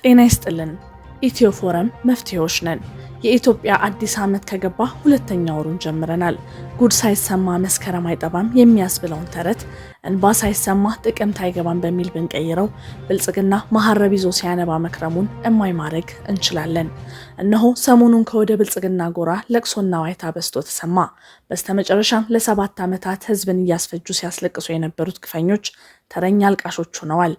ጤና ይስጥልን። ኢትዮ ፎረም መፍትሄዎች ነን። የኢትዮጵያ አዲስ ዓመት ከገባ ሁለተኛ ወሩን ጀምረናል። ጉድ ሳይሰማ መስከረም አይጠባም የሚያስብለውን ተረት እንባ ሳይሰማ ጥቅምት አይገባም በሚል ብንቀይረው ብልጽግና መሀረብ ይዞ ሲያነባ መክረሙን እማይ ማድረግ እንችላለን። እነሆ ሰሞኑን ከወደ ብልጽግና ጎራ ለቅሶና ዋይታ በስቶ ተሰማ። በስተመጨረሻም ለሰባት ዓመታት ሕዝብን እያስፈጁ ሲያስለቅሱ የነበሩት ግፈኞች ተረኛ አልቃሾች ሆነዋል።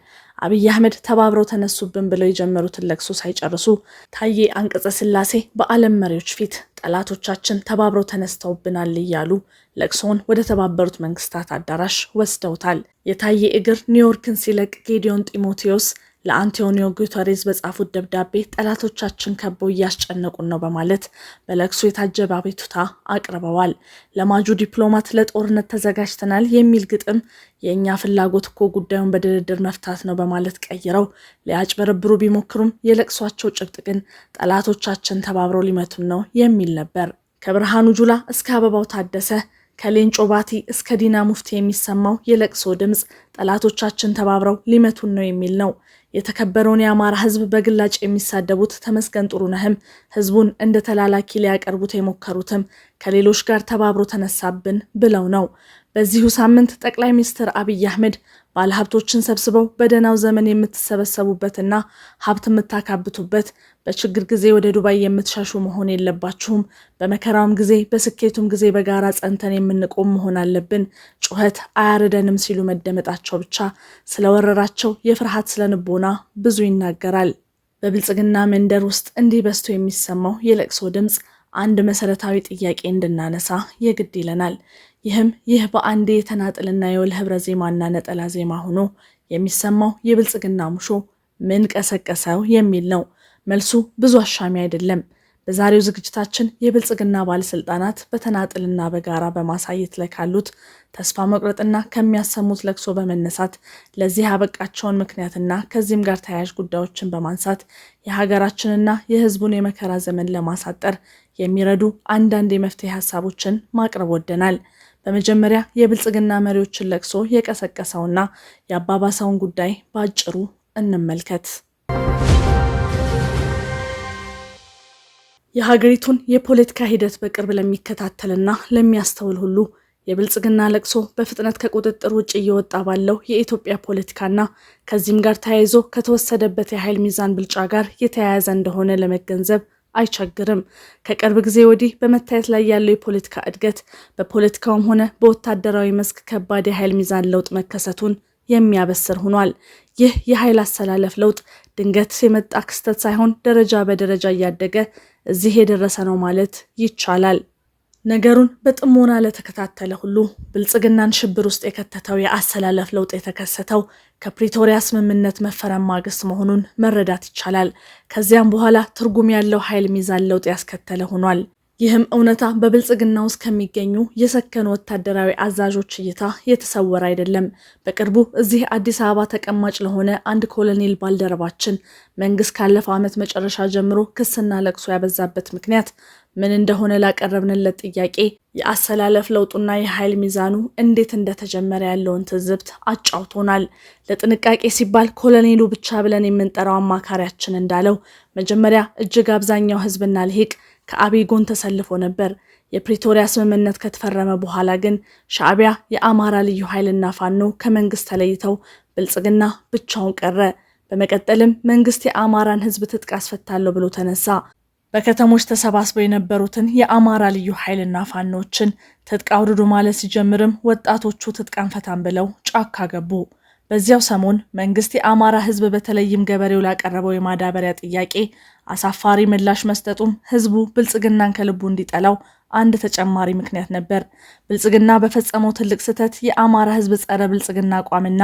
አብይ አህመድ ተባብረው ተነሱብን ብለው የጀመሩትን ለቅሶ ሳይጨርሱ ታዬ አንቀጸ ስላሴ በዓለም መሪዎች ፊት ጠላቶቻችን ተባብረው ተነስተውብናል እያሉ ለቅሶውን ወደ ተባበሩት መንግስታት አዳራሽ ወስደውታል። የታየ እግር ኒውዮርክን ሲለቅ ጌዲዮን ጢሞቴዎስ ለአንቶኒዮ ጉተሬዝ በጻፉት ደብዳቤ ጠላቶቻችን ከበው እያስጨነቁን ነው በማለት በለቅሶ የታጀበ አቤቱታ አቅርበዋል። ለማጁ ዲፕሎማት ለጦርነት ተዘጋጅተናል የሚል ግጥም የእኛ ፍላጎት እኮ ጉዳዩን በድርድር መፍታት ነው በማለት ቀይረው ሊያጭበረብሩ ቢሞክሩም የለቅሷቸው ጭብጥ ግን ጠላቶቻችን ተባብረው ሊመቱን ነው የሚል ነበር። ከብርሃኑ ጁላ እስከ አበባው ታደሰ ከሌንጮ ባቲ እስከ ዲና ሙፍቲ የሚሰማው የለቅሶ ድምፅ ጠላቶቻችን ተባብረው ሊመቱን ነው የሚል ነው። የተከበረውን የአማራ ህዝብ በግላጭ የሚሳደቡት ተመስገን ጥሩነህም ህዝቡን እንደ ተላላኪ ሊያቀርቡት የሞከሩትም ከሌሎች ጋር ተባብሮ ተነሳብን ብለው ነው። በዚሁ ሳምንት ጠቅላይ ሚኒስትር አብይ አህመድ ባለሀብቶችን ሰብስበው በደህናው ዘመን የምትሰበሰቡበትና ሀብት የምታካብቱበት በችግር ጊዜ ወደ ዱባይ የምትሻሹ መሆን የለባችሁም። በመከራውም ጊዜ በስኬቱም ጊዜ በጋራ ጸንተን የምንቆም መሆን አለብን። ጩኸት አያረደንም ሲሉ መደመጣቸው ብቻ ስለወረራቸው የፍርሃት ስለንቦና ብዙ ይናገራል። በብልጽግና መንደር ውስጥ እንዲህ በዝቶ የሚሰማው የለቅሶ ድምፅ አንድ መሰረታዊ ጥያቄ እንድናነሳ የግድ ይለናል። ይህም ይህ በአንዴ የተናጥልና የወል ህብረ ዜማና ነጠላ ዜማ ሆኖ የሚሰማው የብልጽግና ሙሾ ምን ቀሰቀሰው የሚል ነው። መልሱ ብዙ አሻሚ አይደለም። በዛሬው ዝግጅታችን የብልጽግና ባለስልጣናት በተናጥልና በጋራ በማሳየት ላይ ካሉት ተስፋ መቁረጥና ከሚያሰሙት ለቅሶ በመነሳት ለዚህ ያበቃቸውን ምክንያትና ከዚህም ጋር ተያያዥ ጉዳዮችን በማንሳት የሀገራችንና የህዝቡን የመከራ ዘመን ለማሳጠር የሚረዱ አንዳንድ የመፍትሄ ሀሳቦችን ማቅረብ ወደናል። በመጀመሪያ የብልጽግና መሪዎችን ለቅሶ የቀሰቀሰውና የአባባሳውን ጉዳይ በአጭሩ እንመልከት። የሀገሪቱን የፖለቲካ ሂደት በቅርብ ለሚከታተልና ለሚያስተውል ሁሉ የብልጽግና ለቅሶ በፍጥነት ከቁጥጥር ውጭ እየወጣ ባለው የኢትዮጵያ ፖለቲካና ከዚህም ጋር ተያይዞ ከተወሰደበት የኃይል ሚዛን ብልጫ ጋር የተያያዘ እንደሆነ ለመገንዘብ አይቸግርም። ከቅርብ ጊዜ ወዲህ በመታየት ላይ ያለው የፖለቲካ እድገት በፖለቲካውም ሆነ በወታደራዊ መስክ ከባድ የኃይል ሚዛን ለውጥ መከሰቱን የሚያበስር ሆኗል። ይህ የኃይል አሰላለፍ ለውጥ ድንገት የመጣ ክስተት ሳይሆን ደረጃ በደረጃ እያደገ እዚህ የደረሰ ነው ማለት ይቻላል። ነገሩን በጥሞና ለተከታተለ ሁሉ ብልጽግናን ሽብር ውስጥ የከተተው የአሰላለፍ ለውጥ የተከሰተው ከፕሪቶሪያ ስምምነት መፈረም ማግስት መሆኑን መረዳት ይቻላል። ከዚያም በኋላ ትርጉም ያለው ኃይል ሚዛን ለውጥ ያስከተለ ሆኗል። ይህም እውነታ በብልጽግና ውስጥ ከሚገኙ የሰከኑ ወታደራዊ አዛዦች እይታ የተሰወረ አይደለም። በቅርቡ እዚህ አዲስ አበባ ተቀማጭ ለሆነ አንድ ኮሎኔል ባልደረባችን መንግስት ካለፈው ዓመት መጨረሻ ጀምሮ ክስና ለቅሶ ያበዛበት ምክንያት ምን እንደሆነ ላቀረብንለት ጥያቄ የአሰላለፍ ለውጡና የኃይል ሚዛኑ እንዴት እንደተጀመረ ያለውን ትዝብት አጫውቶናል። ለጥንቃቄ ሲባል ኮሎኔሉ ብቻ ብለን የምንጠራው አማካሪያችን እንዳለው መጀመሪያ እጅግ አብዛኛው ህዝብና ልሂቅ ከአብይ ጎን ተሰልፎ ነበር። የፕሪቶሪያ ስምምነት ከተፈረመ በኋላ ግን ሻዕቢያ የአማራ ልዩ ኃይልና ፋኖ ከመንግስት ተለይተው ብልጽግና ብቻውን ቀረ። በመቀጠልም መንግስት የአማራን ህዝብ ትጥቅ አስፈታለሁ ብሎ ተነሳ። በከተሞች ተሰባስበው የነበሩትን የአማራ ልዩ ኃይልና ፋኖችን ትጥቅ አውርዱ ማለት ሲጀምርም ወጣቶቹ ትጥቅ አንፈታም ብለው ጫካ ገቡ። በዚያው ሰሞን መንግስት የአማራ ህዝብ በተለይም ገበሬው ላቀረበው የማዳበሪያ ጥያቄ አሳፋሪ ምላሽ መስጠቱም ህዝቡ ብልጽግናን ከልቡ እንዲጠላው አንድ ተጨማሪ ምክንያት ነበር። ብልጽግና በፈጸመው ትልቅ ስህተት የአማራ ህዝብ ጸረ ብልጽግና አቋምና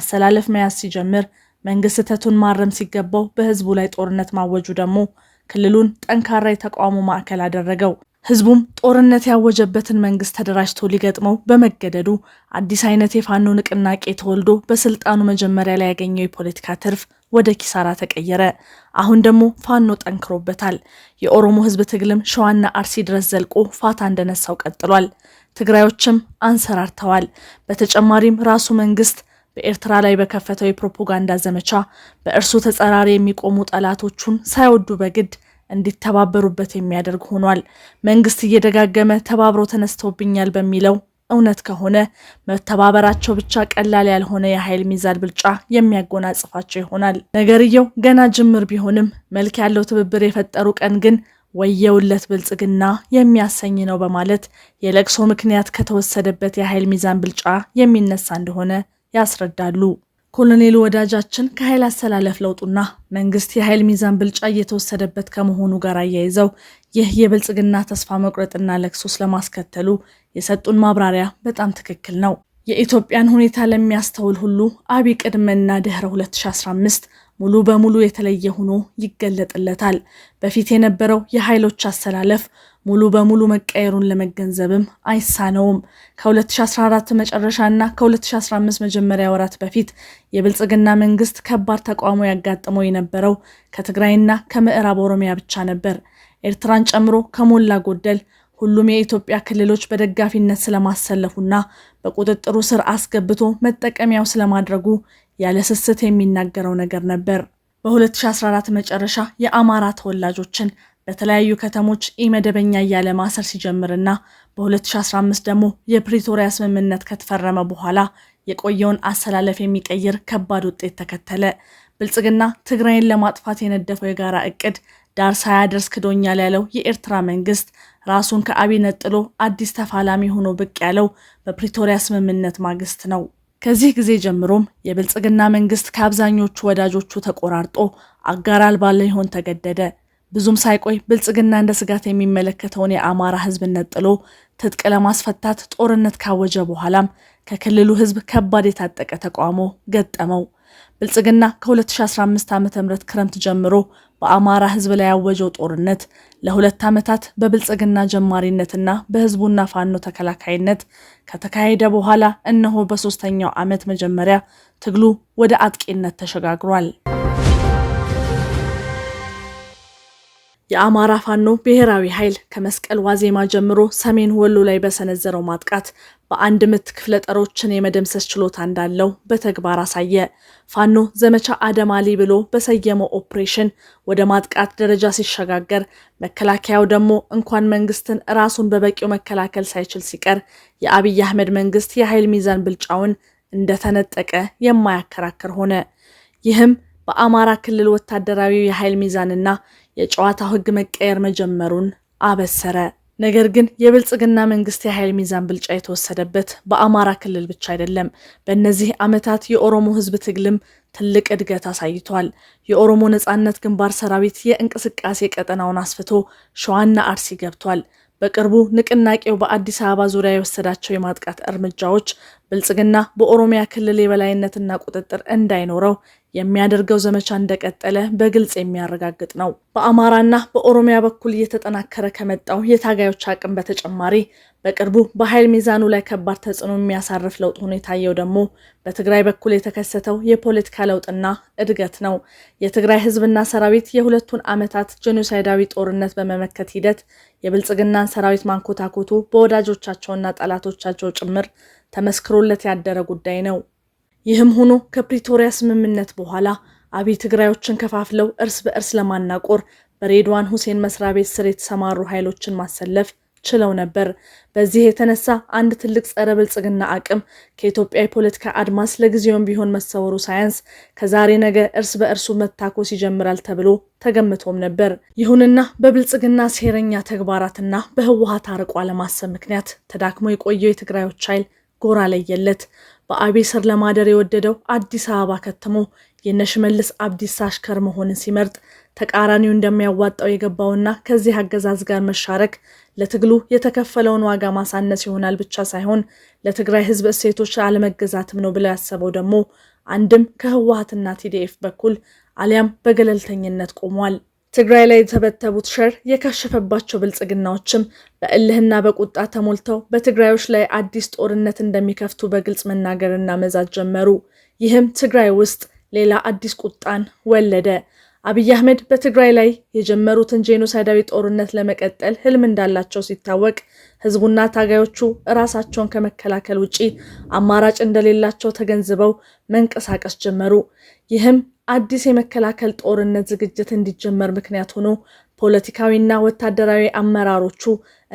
አሰላለፍ መያዝ ሲጀምር መንግስት ስህተቱን ማረም ሲገባው በህዝቡ ላይ ጦርነት ማወጁ ደግሞ ክልሉን ጠንካራ የተቃውሞ ማዕከል አደረገው። ህዝቡም ጦርነት ያወጀበትን መንግስት ተደራጅቶ ሊገጥመው በመገደዱ አዲስ አይነት የፋኖ ንቅናቄ ተወልዶ በስልጣኑ መጀመሪያ ላይ ያገኘው የፖለቲካ ትርፍ ወደ ኪሳራ ተቀየረ። አሁን ደግሞ ፋኖ ጠንክሮበታል። የኦሮሞ ህዝብ ትግልም ሸዋና አርሲ ድረስ ዘልቆ ፋታ እንደነሳው ቀጥሏል። ትግራዮችም አንሰራርተዋል። በተጨማሪም ራሱ መንግስት በኤርትራ ላይ በከፈተው የፕሮፓጋንዳ ዘመቻ በእርሱ ተጸራሪ የሚቆሙ ጠላቶቹን ሳይወዱ በግድ እንዲተባበሩበት የሚያደርግ ሆኗል። መንግስት እየደጋገመ ተባብሮ ተነስተውብኛል በሚለው እውነት ከሆነ መተባበራቸው ብቻ ቀላል ያልሆነ የኃይል ሚዛን ብልጫ የሚያጎናጽፋቸው ይሆናል። ነገርየው ገና ጅምር ቢሆንም መልክ ያለው ትብብር የፈጠሩ ቀን ግን ወየውለት ብልጽግና የሚያሰኝ ነው በማለት የለቅሶ ምክንያት ከተወሰደበት የኃይል ሚዛን ብልጫ የሚነሳ እንደሆነ ያስረዳሉ። ኮሎኔል ወዳጃችን ከኃይል አሰላለፍ ለውጡና መንግስት የኃይል ሚዛን ብልጫ እየተወሰደበት ከመሆኑ ጋር አያይዘው ይህ የብልጽግና ተስፋ መቁረጥና ለቅሶ ስለማስከተሉ የሰጡን ማብራሪያ በጣም ትክክል ነው። የኢትዮጵያን ሁኔታ ለሚያስተውል ሁሉ አብይ ቅድመና ድኅረ 2015 ሙሉ በሙሉ የተለየ ሆኖ ይገለጥለታል። በፊት የነበረው የኃይሎች አሰላለፍ ሙሉ በሙሉ መቀየሩን ለመገንዘብም አይሳነውም። ከ2014 መጨረሻና ከ2015 መጀመሪያ ወራት በፊት የብልጽግና መንግስት ከባድ ተቃውሞ ያጋጥመው የነበረው ከትግራይና ከምዕራብ ኦሮሚያ ብቻ ነበር። ኤርትራን ጨምሮ ከሞላ ጎደል ሁሉም የኢትዮጵያ ክልሎች በደጋፊነት ስለማሰለፉና በቁጥጥሩ ስር አስገብቶ መጠቀሚያው ስለማድረጉ ያለ ስስት የሚናገረው ነገር ነበር። በ2014 መጨረሻ የአማራ ተወላጆችን በተለያዩ ከተሞች ኢመደበኛ እያለ ማሰር ሲጀምርና በ2015 ደግሞ የፕሪቶሪያ ስምምነት ከተፈረመ በኋላ የቆየውን አሰላለፍ የሚቀይር ከባድ ውጤት ተከተለ። ብልጽግና ትግራይን ለማጥፋት የነደፈው የጋራ እቅድ ዳር ሳያደርስ ክዶኛል ያለው የኤርትራ መንግስት ራሱን ከአብይ ነጥሎ አዲስ ተፋላሚ ሆኖ ብቅ ያለው በፕሪቶሪያ ስምምነት ማግስት ነው። ከዚህ ጊዜ ጀምሮም የብልጽግና መንግስት ከአብዛኞቹ ወዳጆቹ ተቆራርጦ አጋር አልባ ሊሆን ተገደደ። ብዙም ሳይቆይ ብልጽግና እንደ ስጋት የሚመለከተውን የአማራ ህዝብ ነጥሎ ትጥቅ ለማስፈታት ጦርነት ካወጀ በኋላም ከክልሉ ህዝብ ከባድ የታጠቀ ተቃውሞ ገጠመው። ብልጽግና ከ2015 ዓ ም ክረምት ጀምሮ በአማራ ህዝብ ላይ ያወጀው ጦርነት ለሁለት ዓመታት በብልጽግና ጀማሪነትና በህዝቡና ፋኖ ተከላካይነት ከተካሄደ በኋላ እነሆ በሶስተኛው ዓመት መጀመሪያ ትግሉ ወደ አጥቂነት ተሸጋግሯል። የአማራ ፋኖ ብሔራዊ ኃይል ከመስቀል ዋዜማ ጀምሮ ሰሜን ወሎ ላይ በሰነዘረው ማጥቃት በአንድ ምት ክፍለ ጦሮችን የመደምሰስ ችሎታ እንዳለው በተግባር አሳየ። ፋኖ ዘመቻ አደማሊ ብሎ በሰየመው ኦፕሬሽን ወደ ማጥቃት ደረጃ ሲሸጋገር፣ መከላከያው ደግሞ እንኳን መንግስትን ራሱን በበቂው መከላከል ሳይችል ሲቀር የአብይ አህመድ መንግስት የኃይል ሚዛን ብልጫውን እንደተነጠቀ የማያከራክር ሆነ። ይህም በአማራ ክልል ወታደራዊ የኃይል ሚዛንና የጨዋታው ሕግ መቀየር መጀመሩን አበሰረ። ነገር ግን የብልጽግና መንግስት የኃይል ሚዛን ብልጫ የተወሰደበት በአማራ ክልል ብቻ አይደለም። በእነዚህ ዓመታት የኦሮሞ ህዝብ ትግልም ትልቅ እድገት አሳይቷል። የኦሮሞ ነጻነት ግንባር ሰራዊት የእንቅስቃሴ ቀጠናውን አስፍቶ ሸዋና አርሲ ገብቷል። በቅርቡ ንቅናቄው በአዲስ አበባ ዙሪያ የወሰዳቸው የማጥቃት እርምጃዎች ብልጽግና በኦሮሚያ ክልል የበላይነትና ቁጥጥር እንዳይኖረው የሚያደርገው ዘመቻ እንደቀጠለ በግልጽ የሚያረጋግጥ ነው። በአማራና በኦሮሚያ በኩል እየተጠናከረ ከመጣው የታጋዮች አቅም በተጨማሪ በቅርቡ በኃይል ሚዛኑ ላይ ከባድ ተጽዕኖ የሚያሳርፍ ለውጥ ሆኖ የታየው ደግሞ በትግራይ በኩል የተከሰተው የፖለቲካ ለውጥና እድገት ነው። የትግራይ ሕዝብና ሰራዊት የሁለቱን ዓመታት ጄኖሳይዳዊ ጦርነት በመመከት ሂደት የብልጽግናን ሰራዊት ማንኮታኮቱ በወዳጆቻቸውና ጠላቶቻቸው ጭምር ተመስክሮለት ያደረ ጉዳይ ነው። ይህም ሆኖ ከፕሪቶሪያ ስምምነት በኋላ አብይ ትግራዮችን ከፋፍለው እርስ በእርስ ለማናቆር በሬድዋን ሁሴን መስሪያ ቤት ስር የተሰማሩ ኃይሎችን ማሰለፍ ችለው ነበር። በዚህ የተነሳ አንድ ትልቅ ጸረ ብልጽግና አቅም ከኢትዮጵያ የፖለቲካ አድማስ ለጊዜውም ቢሆን መሰወሩ ሳያንስ ከዛሬ ነገ እርስ በእርሱ መታኮስ ይጀምራል ተብሎ ተገምቶም ነበር። ይሁንና በብልጽግና ሴረኛ ተግባራትና በህወሀት አርቆ አለማሰብ ምክንያት ተዳክሞ የቆየው የትግራዮች ኃይል ጎራ ለየለት። በአቤ ስር ለማደር የወደደው አዲስ አበባ ከትሞ የነሽመልስ አብዲሳ አሽከር መሆንን ሲመርጥ ተቃራኒው እንደሚያዋጣው የገባውና ከዚህ አገዛዝ ጋር መሻረክ ለትግሉ የተከፈለውን ዋጋ ማሳነስ ይሆናል ብቻ ሳይሆን ለትግራይ ሕዝብ እሴቶች አለመገዛትም ነው ብለው ያሰበው ደግሞ አንድም ከህወሀትና ቲዲኤፍ በኩል አሊያም በገለልተኝነት ቆሟል። ትግራይ ላይ የተበተቡት ሸር የከሸፈባቸው ብልጽግናዎችም በእልህና በቁጣ ተሞልተው በትግራዮች ላይ አዲስ ጦርነት እንደሚከፍቱ በግልጽ መናገርና መዛት ጀመሩ። ይህም ትግራይ ውስጥ ሌላ አዲስ ቁጣን ወለደ። አብይ አህመድ በትግራይ ላይ የጀመሩትን ጄኖሳይዳዊ ጦርነት ለመቀጠል ህልም እንዳላቸው ሲታወቅ፣ ህዝቡና ታጋዮቹ እራሳቸውን ከመከላከል ውጪ አማራጭ እንደሌላቸው ተገንዝበው መንቀሳቀስ ጀመሩ። ይህም አዲስ የመከላከል ጦርነት ዝግጅት እንዲጀመር ምክንያት ሆኖ ፖለቲካዊና ወታደራዊ አመራሮቹ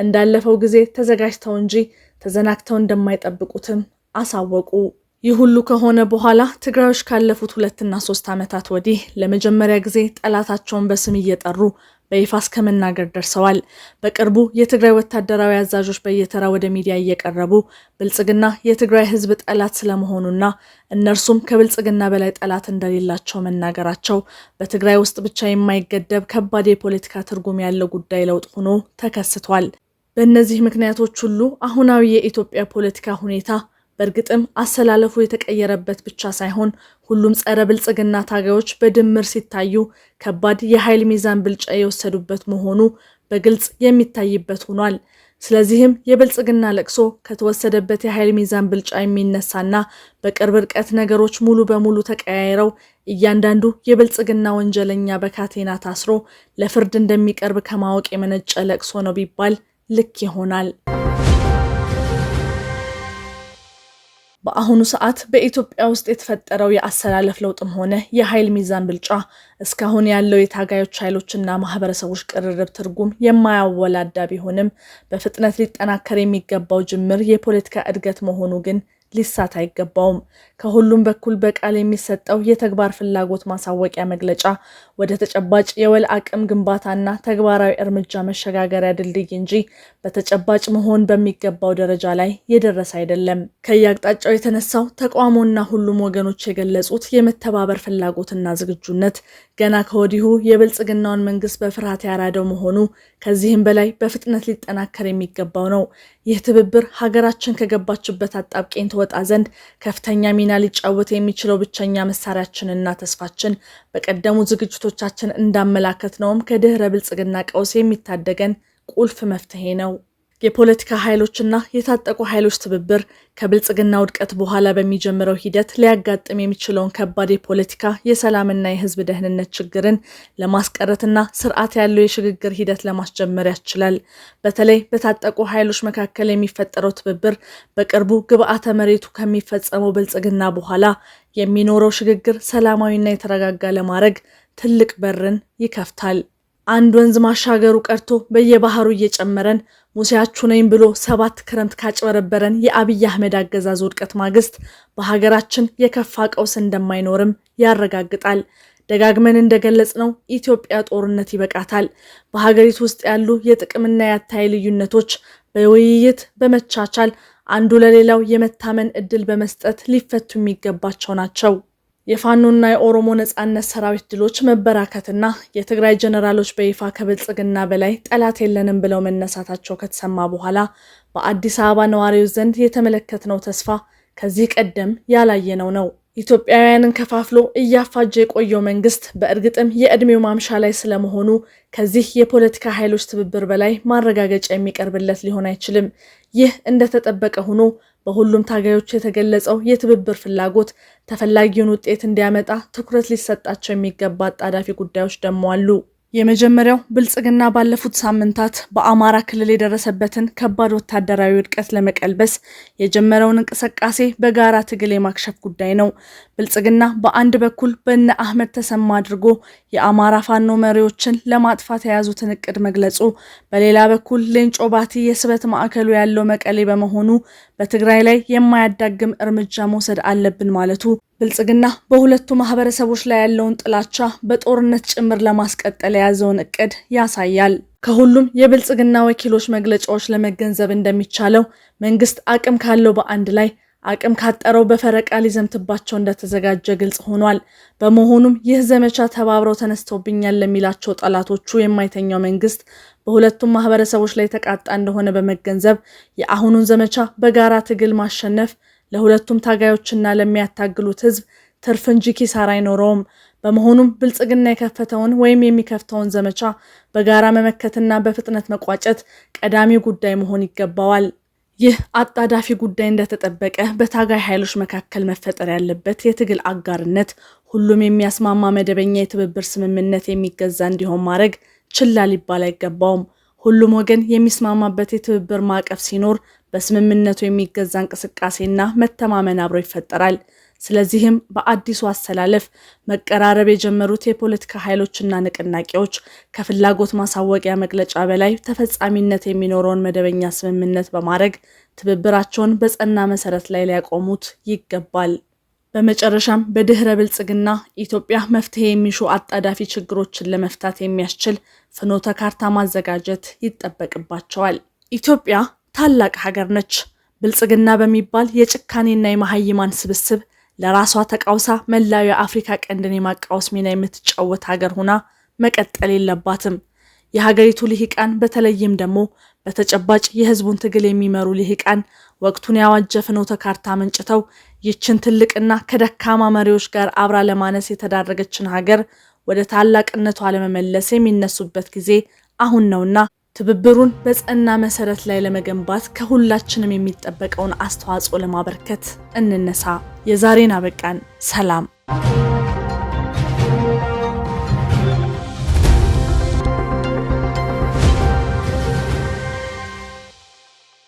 እንዳለፈው ጊዜ ተዘጋጅተው እንጂ ተዘናግተው እንደማይጠብቁትም አሳወቁ። ይህ ሁሉ ከሆነ በኋላ ትግራዮች ካለፉት ሁለትና ሶስት ዓመታት ወዲህ ለመጀመሪያ ጊዜ ጠላታቸውን በስም እየጠሩ በይፋ እስከ ደርሰዋል። በቅርቡ የትግራይ ወታደራዊ አዛዦች በየተራ ወደ ሚዲያ እየቀረቡ ብልጽግና የትግራይ ሕዝብ ጠላት ስለመሆኑና እነርሱም ከብልጽግና በላይ ጠላት እንደሌላቸው መናገራቸው በትግራይ ውስጥ ብቻ የማይገደብ ከባድ የፖለቲካ ትርጉም ያለው ጉዳይ ለውጥ ሆኖ ተከስቷል። በእነዚህ ምክንያቶች ሁሉ አሁናዊ የኢትዮጵያ ፖለቲካ ሁኔታ በእርግጥም አሰላለፉ የተቀየረበት ብቻ ሳይሆን ሁሉም ጸረ ብልጽግና ታጋዮች በድምር ሲታዩ ከባድ የኃይል ሚዛን ብልጫ የወሰዱበት መሆኑ በግልጽ የሚታይበት ሆኗል። ስለዚህም የብልጽግና ለቅሶ ከተወሰደበት የኃይል ሚዛን ብልጫ የሚነሳና በቅርብ ርቀት ነገሮች ሙሉ በሙሉ ተቀያይረው እያንዳንዱ የብልጽግና ወንጀለኛ በካቴና ታስሮ ለፍርድ እንደሚቀርብ ከማወቅ የመነጨ ለቅሶ ነው ቢባል ልክ ይሆናል። በአሁኑ ሰዓት በኢትዮጵያ ውስጥ የተፈጠረው የአሰላለፍ ለውጥም ሆነ የኃይል ሚዛን ብልጫ እስካሁን ያለው የታጋዮች ኃይሎችና ማህበረሰቦች ቅርርብ ትርጉም የማያወላዳ ቢሆንም በፍጥነት ሊጠናከር የሚገባው ጅምር የፖለቲካ እድገት መሆኑ ግን ሊሳት አይገባውም። ከሁሉም በኩል በቃል የሚሰጠው የተግባር ፍላጎት ማሳወቂያ መግለጫ ወደ ተጨባጭ የወል አቅም ግንባታና ተግባራዊ እርምጃ መሸጋገሪያ ድልድይ እንጂ በተጨባጭ መሆን በሚገባው ደረጃ ላይ የደረሰ አይደለም። ከየአቅጣጫው የተነሳው ተቋሞና ሁሉም ወገኖች የገለጹት የመተባበር ፍላጎትና ዝግጁነት ገና ከወዲሁ የብልጽግናውን መንግስት በፍርሃት ያራደው መሆኑ ከዚህም በላይ በፍጥነት ሊጠናከር የሚገባው ነው። ይህ ትብብር ሀገራችን ከገባችበት አጣብቂኝ ትወጣ ዘንድ ከፍተኛ ሚና ሊጫወት የሚችለው ብቸኛ መሳሪያችንና ተስፋችን በቀደሙ ዝግጅቶቻችን እንዳመላከት ነውም ከድህረ ብልጽግና ቀውስ የሚታደገን ቁልፍ መፍትሄ ነው። የፖለቲካ ኃይሎችና የታጠቁ ኃይሎች ትብብር ከብልጽግና ውድቀት በኋላ በሚጀምረው ሂደት ሊያጋጥም የሚችለውን ከባድ የፖለቲካ የሰላምና የሕዝብ ደህንነት ችግርን ለማስቀረትና ስርዓት ያለው የሽግግር ሂደት ለማስጀመር ያስችላል። በተለይ በታጠቁ ኃይሎች መካከል የሚፈጠረው ትብብር በቅርቡ ግብዓተ መሬቱ ከሚፈጸመው ብልጽግና በኋላ የሚኖረው ሽግግር ሰላማዊና የተረጋጋ ለማድረግ ትልቅ በርን ይከፍታል። አንድ ወንዝ ማሻገሩ ቀርቶ በየባህሩ እየጨመረን ሙሴያችሁ ነኝ ብሎ ሰባት ክረምት ካጭበረበረን የአብይ አህመድ አገዛዝ ውድቀት ማግስት በሀገራችን የከፋ ቀውስ እንደማይኖርም ያረጋግጣል። ደጋግመን እንደገለጽ ነው ኢትዮጵያ ጦርነት ይበቃታል። በሀገሪቱ ውስጥ ያሉ የጥቅምና የአታይ ልዩነቶች በውይይት በመቻቻል አንዱ ለሌላው የመታመን እድል በመስጠት ሊፈቱ የሚገባቸው ናቸው። የፋኖና የኦሮሞ ነጻነት ሰራዊት ድሎች መበራከትና የትግራይ ጀነራሎች በይፋ ከብልጽግና በላይ ጠላት የለንም ብለው መነሳታቸው ከተሰማ በኋላ በአዲስ አበባ ነዋሪዎች ዘንድ የተመለከትነው ተስፋ ከዚህ ቀደም ያላየነው ነው። ኢትዮጵያውያንን ከፋፍሎ እያፋጀ የቆየው መንግስት በእርግጥም የዕድሜው ማምሻ ላይ ስለመሆኑ ከዚህ የፖለቲካ ኃይሎች ትብብር በላይ ማረጋገጫ የሚቀርብለት ሊሆን አይችልም። ይህ እንደተጠበቀ ሆኖ በሁሉም ታጋዮች የተገለጸው የትብብር ፍላጎት ተፈላጊውን ውጤት እንዲያመጣ ትኩረት ሊሰጣቸው የሚገባ አጣዳፊ ጉዳዮች ደሞ አሉ። የመጀመሪያው ብልጽግና ባለፉት ሳምንታት በአማራ ክልል የደረሰበትን ከባድ ወታደራዊ ውድቀት ለመቀልበስ የጀመረውን እንቅስቃሴ በጋራ ትግል የማክሸፍ ጉዳይ ነው። ብልጽግና በአንድ በኩል በነ አህመድ ተሰማ አድርጎ የአማራ ፋኖ መሪዎችን ለማጥፋት የያዙትን እቅድ መግለጹ፣ በሌላ በኩል ሌንጮ ባቲ የስበት ማዕከሉ ያለው መቀሌ በመሆኑ በትግራይ ላይ የማያዳግም እርምጃ መውሰድ አለብን ማለቱ ብልጽግና በሁለቱ ማህበረሰቦች ላይ ያለውን ጥላቻ በጦርነት ጭምር ለማስቀጠል የያዘውን እቅድ ያሳያል። ከሁሉም የብልጽግና ወኪሎች መግለጫዎች ለመገንዘብ እንደሚቻለው መንግስት አቅም ካለው በአንድ ላይ አቅም ካጠረው በፈረቃ ሊዘምትባቸው እንደተዘጋጀ ግልጽ ሆኗል። በመሆኑም ይህ ዘመቻ ተባብረው ተነስተውብኛል ለሚላቸው ጠላቶቹ የማይተኛው መንግስት በሁለቱም ማህበረሰቦች ላይ ተቃጣ እንደሆነ በመገንዘብ የአሁኑን ዘመቻ በጋራ ትግል ማሸነፍ ለሁለቱም ታጋዮችና ለሚያታግሉት ህዝብ ትርፍ እንጂ ኪሳራ አይኖረውም። በመሆኑም ብልጽግና የከፈተውን ወይም የሚከፍተውን ዘመቻ በጋራ መመከትና በፍጥነት መቋጨት ቀዳሚ ጉዳይ መሆን ይገባዋል። ይህ አጣዳፊ ጉዳይ እንደተጠበቀ በታጋይ ኃይሎች መካከል መፈጠር ያለበት የትግል አጋርነት ሁሉም የሚያስማማ መደበኛ የትብብር ስምምነት የሚገዛ እንዲሆን ማድረግ ችላ ሊባል አይገባውም። ሁሉም ወገን የሚስማማበት የትብብር ማዕቀፍ ሲኖር በስምምነቱ የሚገዛ እንቅስቃሴና መተማመን አብሮ ይፈጠራል። ስለዚህም በአዲሱ አሰላለፍ መቀራረብ የጀመሩት የፖለቲካ ኃይሎችና ንቅናቄዎች ከፍላጎት ማሳወቂያ መግለጫ በላይ ተፈጻሚነት የሚኖረውን መደበኛ ስምምነት በማድረግ ትብብራቸውን በጸና መሰረት ላይ ሊያቆሙት ይገባል። በመጨረሻም በድህረ ብልጽግና ኢትዮጵያ መፍትሄ የሚሹ አጣዳፊ ችግሮችን ለመፍታት የሚያስችል ፍኖተ ካርታ ማዘጋጀት ይጠበቅባቸዋል። ኢትዮጵያ ታላቅ ሀገር ነች። ብልጽግና በሚባል የጭካኔና የመሀይማን ስብስብ ለራሷ ተቃውሳ መላው የአፍሪካ ቀንድን የማቃወስ ሚና የምትጫወት ሀገር ሆና መቀጠል የለባትም። የሀገሪቱ ልሂቃን በተለይም ደግሞ በተጨባጭ የህዝቡን ትግል የሚመሩ ልሂቃን ወቅቱን ያዋጀ ፍኖተ ካርታ መንጭተው ይችን ትልቅና ከደካማ መሪዎች ጋር አብራ ለማነስ የተዳረገችን ሀገር ወደ ታላቅነቷ ለመመለስ የሚነሱበት ጊዜ አሁን ነውና ትብብሩን በጸና መሰረት ላይ ለመገንባት ከሁላችንም የሚጠበቀውን አስተዋጽኦ ለማበርከት እንነሳ። የዛሬን አበቃን። ሰላም